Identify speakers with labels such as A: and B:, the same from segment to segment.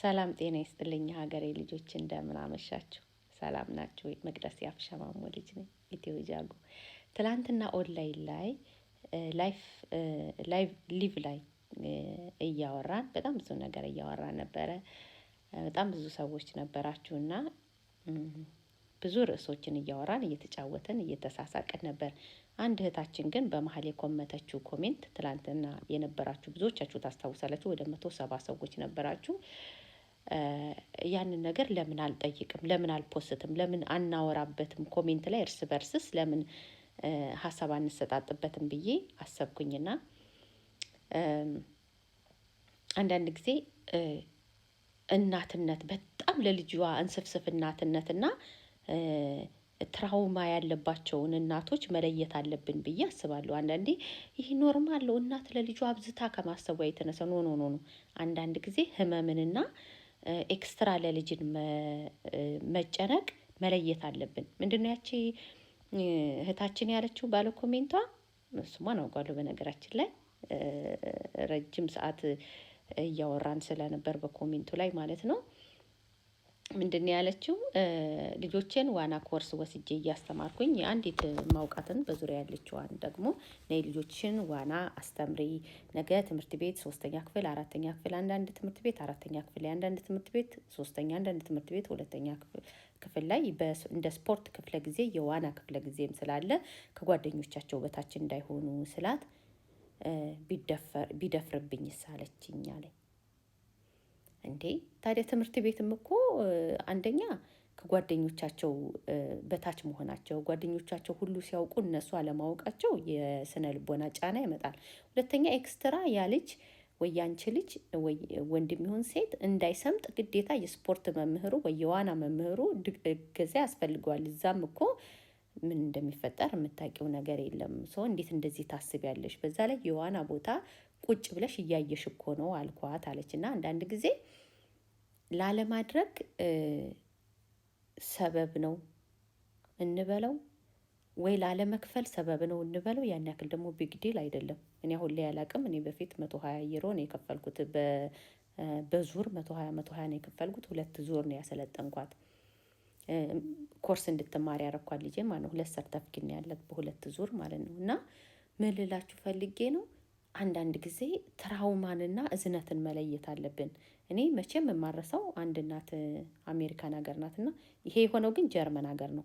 A: ሰላም ጤና ይስጥልኝ ሀገሬ ልጆች፣ እንደምን አመሻችሁ? ሰላም ናችሁ መቅደስ ያፍሻ ልጅ ነኝ። ኢትዮ ጃጉ ትላንትና ኦንላይን ላይ ላይፍ ሊቭ ላይ እያወራን በጣም ብዙ ነገር እያወራን ነበረ። በጣም ብዙ ሰዎች ነበራችሁና ብዙ ርዕሶችን እያወራን እየተጫወትን እየተሳሳቅን ነበር። አንድ እህታችን ግን በመሀል የኮመተችው ኮሜንት ትላንትና የነበራችሁ ብዙዎቻችሁ ታስታውሳላችሁ። ወደ መቶ ሰባ ሰዎች ነበራችሁ። ያንን ነገር ለምን አልጠይቅም? ለምን አልፖስትም? ለምን አናወራበትም? ኮሜንት ላይ እርስ በርስስ ለምን ሀሳብ አንሰጣጥበትም ብዬ አሰብኩኝና አንዳንድ ጊዜ እናትነት በጣም ለልጅዋ እንስፍስፍ እናትነትና ትራውማ ያለባቸውን እናቶች መለየት አለብን ብዬ አስባለሁ። አንዳንዴ ይህ ኖርማል ነው እናት ለልጇ አብዝታ ከማሰቧ የተነሳ ኖ ኖ ኖ። አንዳንድ ጊዜ ህመምንና ኤክስትራ ለልጅን መጨነቅ መለየት አለብን። ነው ያቺ እህታችን ያለችው ባለ ኮሜንቷ ነው ጓሉ። በነገራችን ላይ ረጅም ሰዓት እያወራን ስለነበር በኮሜንቱ ላይ ማለት ነው። ምንድን ያለችው? ልጆቼን ዋና ኮርስ ወስጄ እያስተማርኩኝ አንዲት ማውቃትን በዙሪያ ያለችዋን ደግሞ ነይ ልጆችን ዋና አስተምሪ፣ ነገ ትምህርት ቤት ሶስተኛ ክፍል፣ አራተኛ ክፍል አንዳንድ ትምህርት ቤት አራተኛ ክፍል ላይ አንዳንድ ትምህርት ቤት ሶስተኛ፣ አንዳንድ ትምህርት ቤት ሁለተኛ ክፍል ላይ እንደ ስፖርት ክፍለ ጊዜ የዋና ክፍለ ጊዜም ስላለ ከጓደኞቻቸው በታች እንዳይሆኑ ስላት ቢደፍርብኝ ሳለችኝ አለኝ። እንዴ ታዲያ ትምህርት ቤትም እኮ አንደኛ ከጓደኞቻቸው በታች መሆናቸው ጓደኞቻቸው ሁሉ ሲያውቁ እነሱ አለማወቃቸው የስነ ልቦና ጫና ይመጣል። ሁለተኛ ኤክስትራ ያ ልጅ ወይ ያንቺ ልጅ ወንድም የሚሆን ሴት እንዳይሰምጥ ግዴታ የስፖርት መምህሩ ወይ የዋና መምህሩ እገዛ ያስፈልገዋል። እዛም እኮ ምን እንደሚፈጠር የምታውቂው ነገር የለም። ሰው እንዴት እንደዚህ ታስቢያለሽ? በዛ ላይ የዋና ቦታ ቁጭ ብለሽ እያየሽ እኮ ነው አልኳት አለች። እና አንዳንድ ጊዜ ላለማድረግ ሰበብ ነው እንበለው ወይ ላለመክፈል ሰበብ ነው እንበለው። ያን ያክል ደግሞ ቢግዲል አይደለም። እኔ አሁን ላይ ያላቅም። እኔ በፊት መቶ ሀያ ዩሮ ነው የከፈልኩት በዙር መቶ ሀያ መቶ ሀያ ነው የከፈልኩት። ሁለት ዙር ነው ያሰለጠንኳት ኮርስ እንድትማር ያረኳት ልጄ ማለት ነው። ሁለት ሰርተፍኪን ያለት በሁለት ዙር ማለት ነው። እና ምን ልላችሁ ፈልጌ ነው አንዳንድ ጊዜ ትራውማንና እዝነትን መለየት አለብን። እኔ መቼም የማረሰው አንድ እናት አሜሪካን ሀገር ናት እና ይሄ የሆነው ግን ጀርመን ሀገር ነው።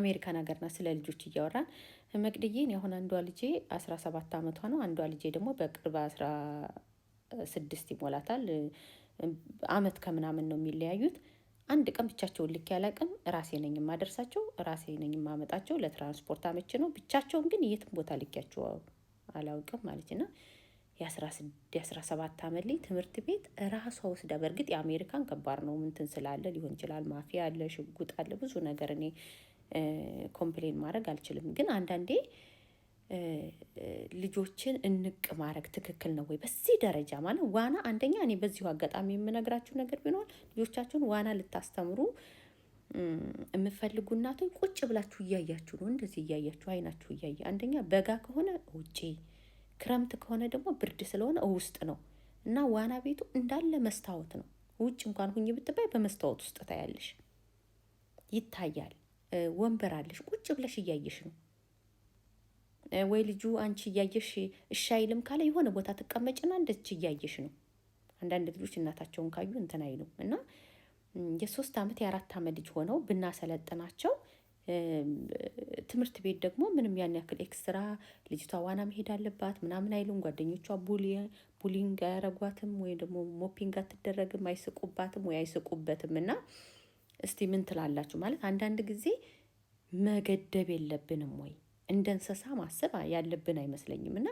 A: አሜሪካን ሀገር ናት። ስለ ልጆች እያወራን መቅድዬን ያሁን አንዷ ልጄ አስራ ሰባት አመቷ ነው። አንዷ ልጄ ደግሞ በቅርብ አስራ ስድስት ይሞላታል። አመት ከምናምን ነው የሚለያዩት። አንድ ቀን ብቻቸውን ልክ አላውቅም። ራሴ ነኝ የማደርሳቸው፣ ራሴ ነኝ የማመጣቸው። ለትራንስፖርት አመች ነው። ብቻቸውን ግን የትም ቦታ ልኬያቸው አላውቅም ማለች ና የአስራ ሰባት አመት ላይ ትምህርት ቤት ራሷ ወስዳ በእርግጥ የአሜሪካን ከባድ ነው ምንትን ስላለ ሊሆን ይችላል። ማፊያ አለ፣ ሽጉጥ አለ፣ ብዙ ነገር እኔ ኮምፕሌን ማድረግ አልችልም። ግን አንዳንዴ ልጆችን እንቅ ማድረግ ትክክል ነው ወይ? በዚህ ደረጃ ማለት ዋና አንደኛ እኔ በዚሁ አጋጣሚ የምነግራችሁ ነገር ቢኖር ልጆቻችሁን ዋና ልታስተምሩ የምፈልጉ እናቶች ቁጭ ብላችሁ እያያችሁ ነው። እንደዚህ እያያችሁ አይናችሁ እያየ አንደኛ በጋ ከሆነ ውጪ፣ ክረምት ከሆነ ደግሞ ብርድ ስለሆነ ውስጥ ነው እና ዋና ቤቱ እንዳለ መስታወት ነው። ውጭ እንኳን ሁኝ ብትባይ በመስታወት ውስጥ ታያለሽ፣ ይታያል። ወንበር አለሽ፣ ቁጭ ብለሽ እያየሽ ነው። ወይ ልጁ አንቺ እያየሽ እሺ አይልም ካለ የሆነ ቦታ ትቀመጭና እንደች እያየሽ ነው። አንዳንድ ልጆች እናታቸውን ካዩ እንትን አይሉም እና የሶስት ዓመት የአራት ዓመት ልጅ ሆነው ብናሰለጥናቸው ትምህርት ቤት ደግሞ ምንም ያን ያክል ኤክስትራ ልጅቷ ዋና መሄድ አለባት ምናምን አይሉም። ጓደኞቿ ቡሊንግ አያረጓትም ወይም ደግሞ ሞፒንግ አትደረግም፣ አይስቁባትም ወይ አይስቁበትም። እና እስቲ ምን ትላላችሁ? ማለት አንዳንድ ጊዜ መገደብ የለብንም ወይ እንደ እንስሳ ማሰብ ያለብን አይመስለኝም። እና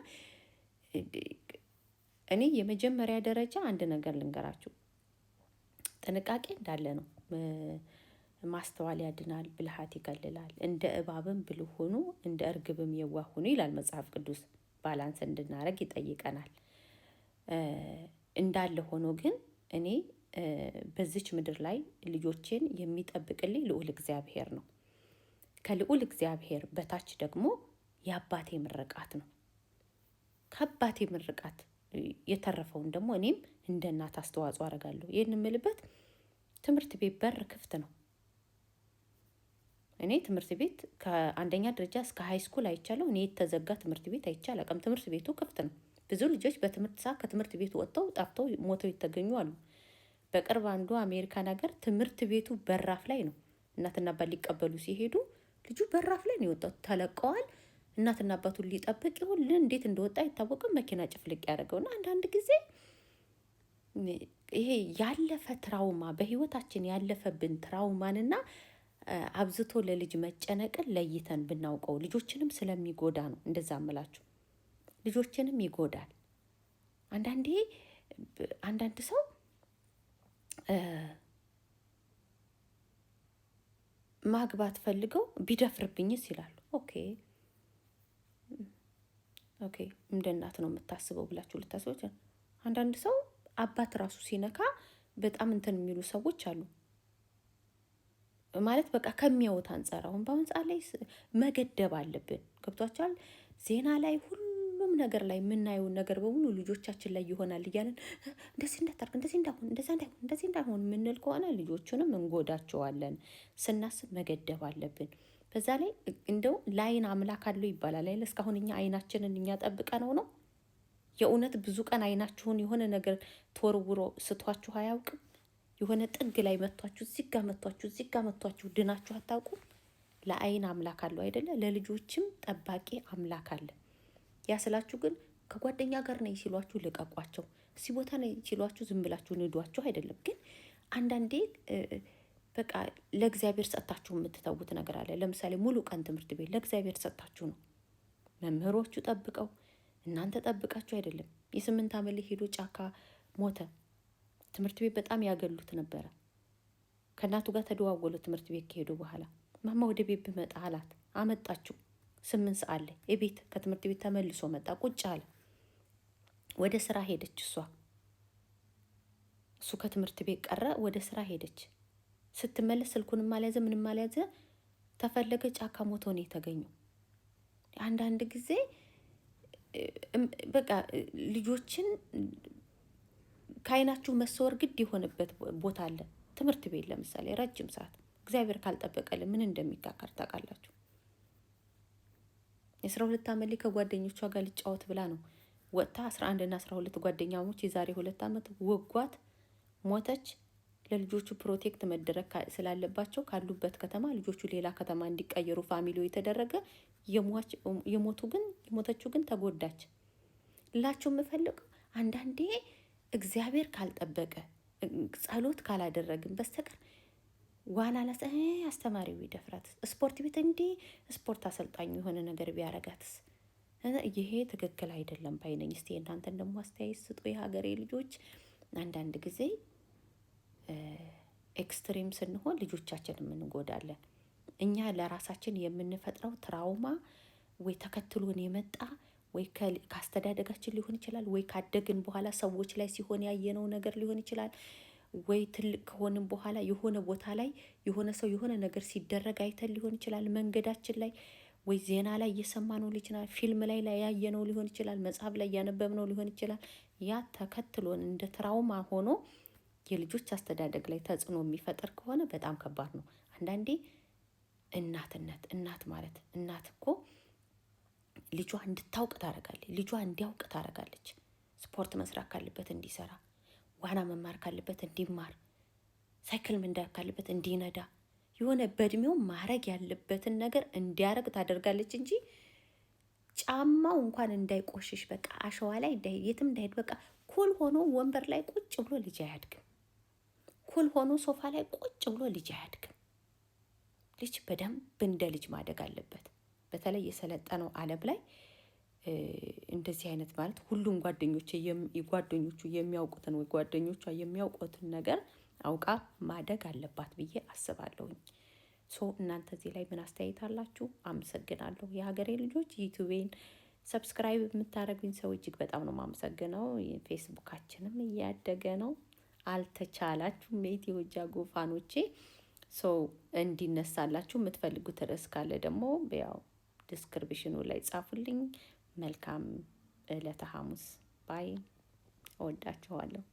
A: እኔ የመጀመሪያ ደረጃ አንድ ነገር ልንገራችሁ ጥንቃቄ እንዳለ ነው። ማስተዋል ያድናል፣ ብልሃት ይከልላል። እንደ እባብም ብልህ ሁኑ፣ እንደ እርግብም የዋህ ሁኑ ይላል መጽሐፍ ቅዱስ። ባላንስ እንድናረግ ይጠይቀናል። እንዳለ ሆኖ ግን እኔ በዚች ምድር ላይ ልጆቼን የሚጠብቅልኝ ልዑል እግዚአብሔር ነው። ከልዑል እግዚአብሔር በታች ደግሞ የአባቴ ምርቃት ነው። ከአባቴ ምርቃት የተረፈውን ደግሞ እኔም እንደ እናት አስተዋጽኦ አደርጋለሁ። ይህን የምልበት ትምህርት ቤት በር ክፍት ነው። እኔ ትምህርት ቤት ከአንደኛ ደረጃ እስከ ሀይ ስኩል አይቻለሁ። እኔ የተዘጋ ትምህርት ቤት አይቼ ትምህርት ቤቱ ክፍት ነው። ብዙ ልጆች በትምህርት ሰዓት ከትምህርት ቤቱ ወጥተው ጠፍተው ሞተው የተገኙ አሉ። በቅርብ አንዱ አሜሪካን ሀገር ትምህርት ቤቱ በራፍ ላይ ነው እናትና አባት ሊቀበሉ ሲሄዱ ልጁ በራፍ ላይ ነው የወጣው። ተለቀዋል። እናትና አባቱን ሊጠብቅ ይሁን እንዴት እንደወጣ አይታወቅም። መኪና ጭፍልቅ ያደርገውና አንዳንድ ጊዜ ይሄ ያለፈ ትራውማ በህይወታችን ያለፈብን ትራውማንና አብዝቶ ለልጅ መጨነቅን ለይተን ብናውቀው ልጆችንም ስለሚጎዳ ነው እንደዛ ምላችሁ፣ ልጆችንም ይጎዳል። አንዳንዴ አንዳንድ ሰው ማግባት ፈልገው ቢደፍርብኝስ ይላሉ። ኦኬ ኦኬ እንደ እናት ነው የምታስበው ብላችሁ ልታስበች። አንዳንድ ሰው አባት ራሱ ሲነካ በጣም እንትን የሚሉ ሰዎች አሉ። ማለት በቃ ከሚያወት አንጻር አሁን በአሁን ሰዓት ላይ መገደብ አለብን። ገብቷቸዋል። ዜና ላይ ሁሉም ነገር ላይ የምናየው ነገር በሙሉ ልጆቻችን ላይ ይሆናል እያለን እንደዚህ እንዳታርግ፣ እንደዚህ እንዳሆን፣ እንደዛ እንዳይሆን፣ እንደዚህ እንዳይሆን የምንል ከሆነ ልጆቹንም እንጎዳቸዋለን። ስናስብ መገደብ አለብን። በዛ ላይ እንደው ለአይን አምላክ አለው ይባላል አይደል? እስካሁን እኛ አይናችንን እኛ ጠብቀ ነው ነው የእውነት ብዙ ቀን አይናችሁን የሆነ ነገር ተወርውሮ ስቷችሁ አያውቅም? የሆነ ጥግ ላይ መቷችሁ፣ እዚህ ጋ መቷችሁ፣ እዚህ ጋ መቷችሁ፣ ድናችሁ አታውቁም? ለአይን አምላክ አለው አይደለ? ለልጆችም ጠባቂ አምላክ አለ። ያ ስላችሁ ግን ከጓደኛ ጋር ነኝ ሲሏችሁ ልቀቋቸው፣ እዚህ ቦታ ነኝ ሲሏችሁ ዝም ብላችሁ ንዷችሁ አይደለም ግን አንዳንዴ በቃ ለእግዚአብሔር ሰጥታችሁ የምትተዉት ነገር አለ። ለምሳሌ ሙሉ ቀን ትምህርት ቤት ለእግዚአብሔር ሰጥታችሁ ነው። መምህሮቹ ጠብቀው፣ እናንተ ጠብቃችሁ አይደለም። የስምንት ዓመት ሄዶ ጫካ ሞተ። ትምህርት ቤት በጣም ያገሉት ነበረ። ከእናቱ ጋር ተደዋወሉ። ትምህርት ቤት ከሄዱ በኋላ ማማ ወደ ቤት ብመጣ አላት። አመጣችሁ ስምንት ሰዓት ላይ የቤት ከትምህርት ቤት ተመልሶ መጣ። ቁጭ አለ። ወደ ስራ ሄደች እሷ እሱ ከትምህርት ቤት ቀረ፣ ወደ ስራ ሄደች። ስትመለስ ስልኩንም አልያዘ ምንም አልያዘ ተፈለገ ጫካ ሞቶ ነው የተገኘው። አንዳንድ ጊዜ በቃ ልጆችን ከአይናችሁ መሰወር ግድ የሆነበት ቦታ አለ። ትምህርት ቤት ለምሳሌ ረጅም ሰዓት እግዚአብሔር ካልጠበቀልን ምን እንደሚካከር ታውቃላችሁ። የአስራ ሁለት ዓመት ላይ ከጓደኞቿ ጋር ልጫወት ብላ ነው ወጥታ አስራ አንድ እና አስራ ሁለት ጓደኛሞች የዛሬ ሁለት ዓመት ወጓት ሞተች። ለልጆቹ ፕሮቴክት መደረግ ስላለባቸው ካሉበት ከተማ ልጆቹ ሌላ ከተማ እንዲቀየሩ ፋሚሊ የተደረገ የሞቱ ግን የሞተችው ግን ተጎዳች። ላችሁ የምፈልገው አንዳንዴ እግዚአብሔር ካልጠበቀ ጸሎት ካላደረግን በስተቀር ዋና ላስ አስተማሪው ይደፍራትስ ስፖርት ቤት እንዲህ ስፖርት አሰልጣኙ የሆነ ነገር ቢያረጋትስ ይሄ ትክክል አይደለም ባይነኝ። እስቲ እናንተን ደግሞ አስተያየት ስጡ የሀገሬ ልጆች አንዳንድ ጊዜ ኤክስትሪም ስንሆን ልጆቻችን እንጎዳለን። እኛ ለራሳችን የምንፈጥረው ትራውማ ወይ ተከትሎን የመጣ ወይ ከአስተዳደጋችን ሊሆን ይችላል፣ ወይ ካደግን በኋላ ሰዎች ላይ ሲሆን ያየነው ነገር ሊሆን ይችላል፣ ወይ ትልቅ ከሆንም በኋላ የሆነ ቦታ ላይ የሆነ ሰው የሆነ ነገር ሲደረግ አይተን ሊሆን ይችላል። መንገዳችን ላይ ወይ ዜና ላይ እየሰማነው ሊሆን ይችላል፣ ፊልም ላይ ያየነው ሊሆን ይችላል፣ መጽሐፍ ላይ እያነበብነው ሊሆን ይችላል። ያ ተከትሎን እንደ ትራውማ ሆኖ የልጆች አስተዳደግ ላይ ተጽዕኖ የሚፈጠር ከሆነ በጣም ከባድ ነው። አንዳንዴ እናትነት እናት ማለት እናት እኮ ልጇ እንድታውቅ ታደርጋለች። ልጇ እንዲያውቅ ታደርጋለች። ስፖርት መስራት ካለበት እንዲሰራ፣ ዋና መማር ካለበት እንዲማር፣ ሳይክል መንዳት ካለበት እንዲነዳ፣ የሆነ በእድሜው ማድረግ ያለበትን ነገር እንዲያደርግ ታደርጋለች እንጂ ጫማው እንኳን እንዳይቆሽሽ በቃ አሸዋ ላይ የትም እንዳይሄድ በቃ ኩል ሆኖ ወንበር ላይ ቁጭ ብሎ ልጅ አያድግም። ኩል ሆኖ ሶፋ ላይ ቁጭ ብሎ ልጅ አያድግም። ልጅ በደንብ እንደ ልጅ ማደግ አለበት። በተለይ የሰለጠነው ዓለም ላይ እንደዚህ አይነት ማለት ሁሉም ጓደኞች ጓደኞቹ የሚያውቁትን ወይ ጓደኞቿ የሚያውቁትን ነገር አውቃ ማደግ አለባት ብዬ አስባለሁኝ። ሶ እናንተ እዚህ ላይ ምን አስተያየት አላችሁ? አመሰግናለሁ። የሀገሬ ልጆች ዩቱቤን ሰብስክራይብ የምታደረጉኝ ሰው እጅግ በጣም ነው ማመሰግነው። ፌስቡካችንም እያደገ ነው። አልተቻላችሁም የኢትዮ ጃ ጎፋኖቼ ሰው እንዲነሳላችሁ የምትፈልጉት ርዕስ ካለ ደግሞ ያው ዲስክሪፕሽኑ ላይ ጻፉልኝ። መልካም ዕለተ ሐሙስ። ባይ። እወዳችኋለሁ።